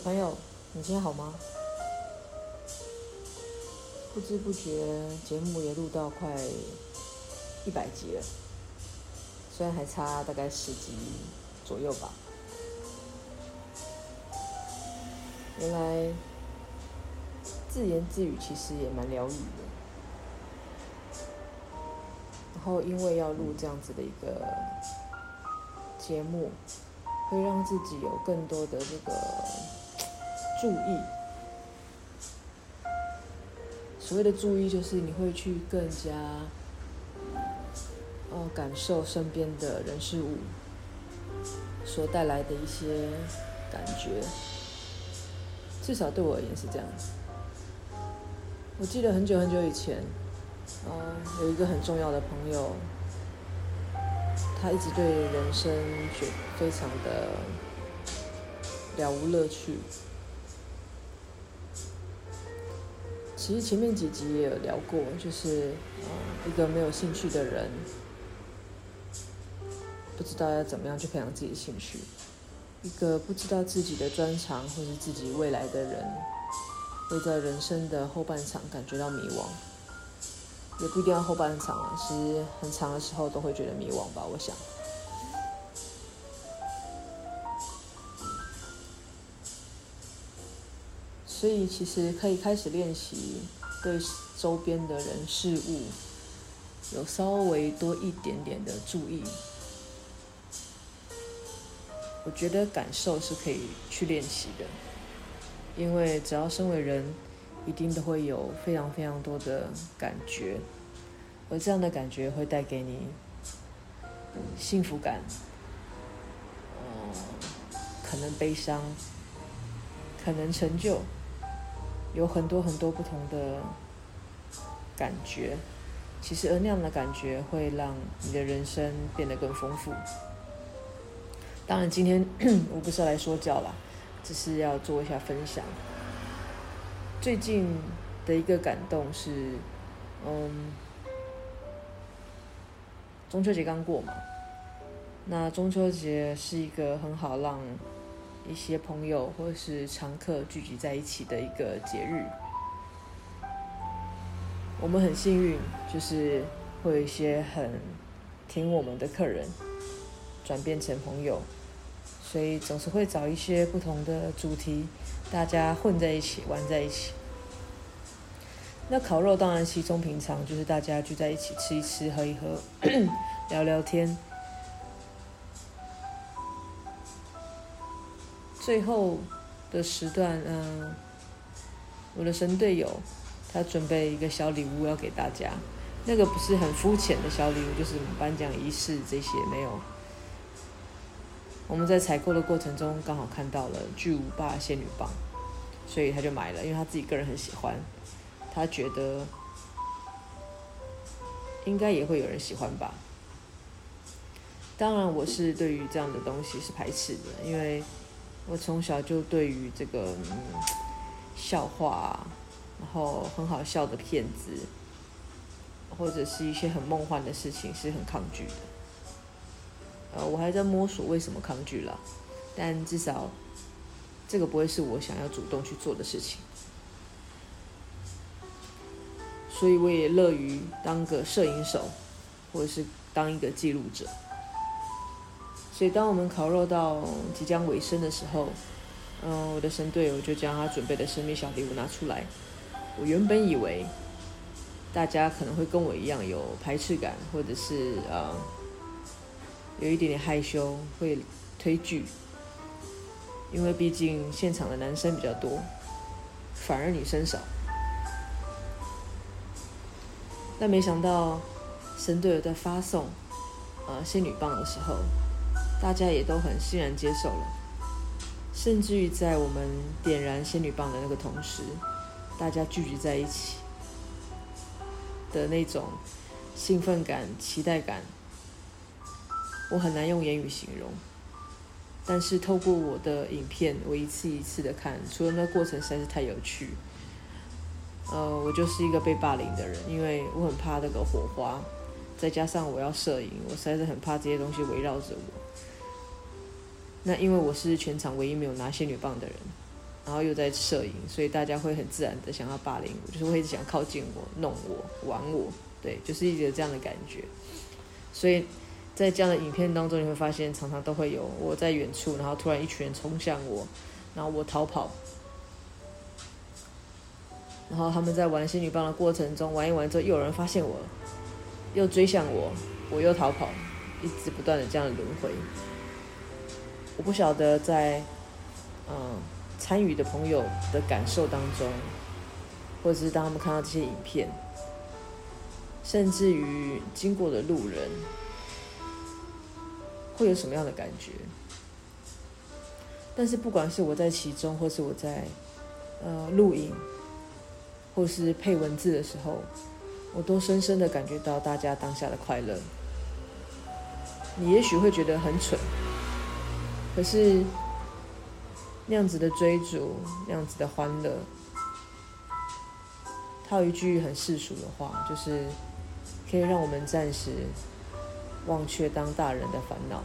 朋友，你今天好嗎？不知不覺，節目也錄到快一百集了，雖然還差大概十集左右吧。原來自言自語其實也蠻療癒的。然後因為要錄這樣子的一個節目，會讓自己有更多的這個。注意，所謂的注意就是你會去更加哦、呃、感受身邊的人事物所帶來的一些感覺，至少對我而言是這樣。我記得很久很久以前，哦，有一個很重要的朋友，他一直對人生覺得非常的了無樂趣。其實前面幾集也有聊過，就是嗯，一個沒有興趣的人，不知道要怎麼樣去培養自己的興趣；一個不知道自己的專長或是自己未來的人，會在人生的後半場感覺到迷惘，也不一定要後半場啊，其實很長的時候都會覺得迷惘吧，我想。所以，其實可以開始練習，對周邊的人事物有稍微多一點點的注意。我覺得感受是可以去練習的，因為只要身為人，一定都會有非常非常多的感覺，而這樣的感覺會帶給你、嗯、幸福感，呃、嗯，可能悲傷，可能成就。有很多很多不同的感覺，其實，而那樣的感覺會讓你的人生變得更豐富。當然，今天我不是要來說教了，只是要做一下分享。最近的一個感動是，嗯，中秋節剛過嘛，那中秋節是一個很好讓一些朋友或是常客聚集在一起的一個節日，我們很幸運，就是會有一些很挺我們的客人轉變成朋友，所以總是會找一些不同的主題，大家混在一起玩在一起。那烤肉當然稀鬆平常，就是大家聚在一起吃一吃，喝一喝，聊聊天。最後的時段，嗯、呃，我的神隊友，他準備一個小禮物要給大家。那個不是很膚淺的小禮物，就是頒獎儀式這些沒有。我們在採購的過程中，剛好看到了巨無霸仙女棒，所以他就買了，因為他自己個人很喜歡。他覺得應該也會有人喜歡吧？當然，我是對於這樣的東西是排斥的，因為。我從小就對於這個、嗯、笑話，然後很好笑的片子，或者是一些很夢幻的事情是很抗拒的。呃，我還在摸索為什麼抗拒了，但至少這個不會是我想要主動去做的事情。所以我也樂於當個攝影手，或者是當一個記錄者。所以，當我們烤肉到即將尾聲的時候，嗯、呃，我的神隊友就將他準備的神秘小禮物拿出來。我原本以為大家可能會跟我一樣有排斥感，或者是啊、呃，有一點點害羞，會推拒，因為畢竟現場的男生比較多，反而女生少。但沒想到，神隊友在發送呃仙女棒的時候。大家也都很欣然接受了，甚至於在我們點燃仙女棒的那個同時，大家聚集在一起的那種興奮感、期待感，我很難用言語形容。但是透過我的影片，我一次一次的看，除了那個過程實在是太有趣，呃，我就是一個被霸凌的人，因為我很怕那個火花。再加上我要攝影，我實在是很怕這些東西圍繞着我。那因為我是全場唯一沒有拿仙女棒的人，然後又在攝影，所以大家會很自然的想要霸凌我，就是會一直想靠近我、弄我、玩我，對，就是一直有這樣的感覺。所以在這樣的影片當中，你會發現常常都會有我在遠處，然後突然一群人衝向我，然後我逃跑，然後他們在玩仙女棒的過程中玩一玩之後，又有人發現我。又追向我，我又逃跑，一直不斷的這樣的輪迴。我不曉得在，嗯，參與的朋友的感受當中，或者是當他們看到這些影片，甚至於經過的路人，會有什麼樣的感覺？但是不管是我在其中，或是我在，呃，錄影，或是配文字的時候，我都深深的感覺到大家當下的快樂。你也許會覺得很蠢，可是那樣子的追逐，那樣子的歡樂，套一句很世俗的話，就是可以讓我們暫時忘卻當大人的煩惱，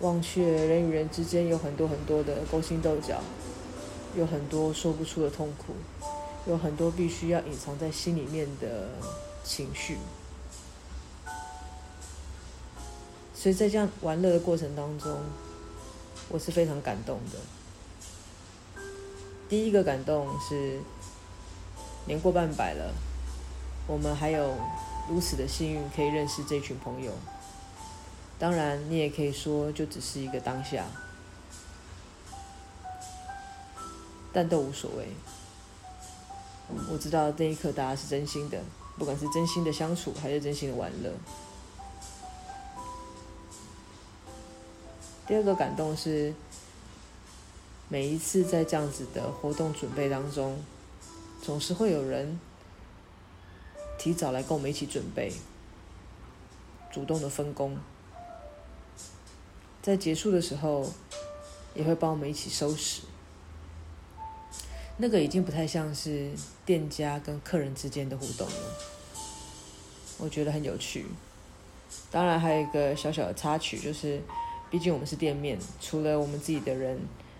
忘卻人與人之間有很多很多的勾心鬥角，有很多說不出的痛苦。有很多必須要隱藏在心裡面的情緒，所以在這樣玩樂的過程當中，我是非常感動的。第一個感動是年過半百了，我們還有如此的幸運可以認識這群朋友。當然，你也可以說就只是一個當下，但都無所謂。我知道這一刻大家是真心的，不管是真心的相處還是真心的玩樂。第二個感動是每一次在這樣子的活動準備當中，總是會有人提早來跟我們一起準備，主動的分工，在結束的時候也會幫我們一起收拾。那個已經不太像是店家跟客人之間的互動了，我覺得很有趣。當然，還有一個小小的插曲，就是畢竟我們是店面，除了我們自己的人，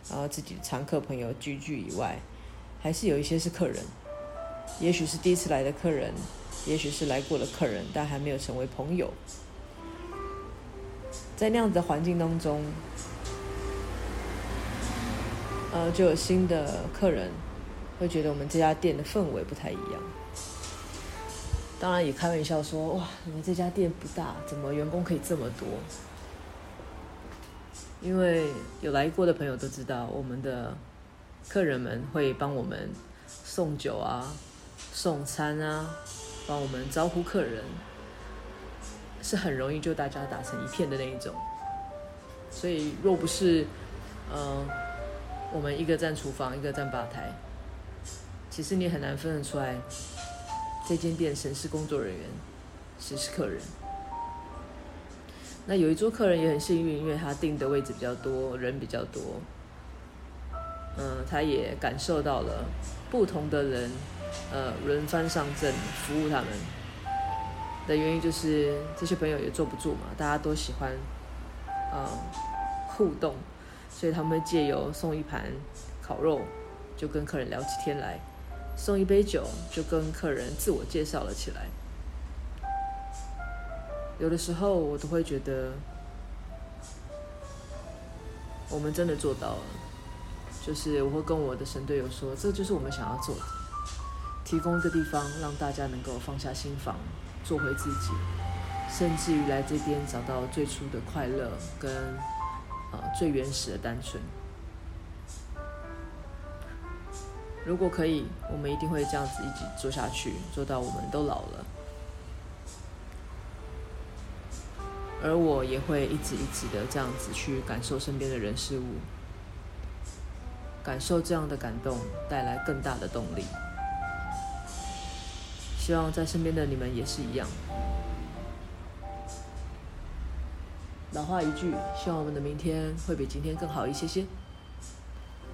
然後自己的常客朋友聚聚以外，還是有一些是客人，也許是第一次來的客人，也許是來過的客人，但還沒有成為朋友。在那樣子的環境當中，呃，就有新的客人。會覺得我們這家店的氛圍不太一樣。當然也開玩笑說：“哇，你們這家店不大，怎麼員工可以這麼多？”因為有來過的朋友都知道，我們的客人們會幫我們送酒啊、送餐啊，幫我們招呼客人，是很容易就大家打成一片的那一種。所以若不是，嗯、呃，我們一個站廚房，一個站吧台。其實你很難分得出來，這間店誰是工作人員，誰是客人。那有一桌客人也很幸運，因為他訂的位置比較多，人比較多，嗯、呃，他也感受到了不同的人，呃，輪番上陣服務他們的原因就是這些朋友也坐不住嘛，大家都喜歡，嗯、呃、互動，所以他們會借由送一盤烤肉，就跟客人聊起天來。送一杯酒，就跟客人自我介紹了起來。有的時候，我都會覺得，我們真的做到了。就是我會跟我的神隊友說，這就是我們想要做的，提供一個地方，讓大家能夠放下心防，做回自己，甚至於來這邊找到最初的快樂跟，跟、呃、最原始的單純。如果可以，我們一定會這樣子一直做下去，做到我們都老了。而我也會一直一直的這樣子去感受身邊的人事物，感受這樣的感動，帶來更大的動力。希望在身邊的你們也是一樣。老話一句，希望我們的明天會比今天更好一些些。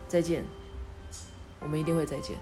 再見。我們一定會再見。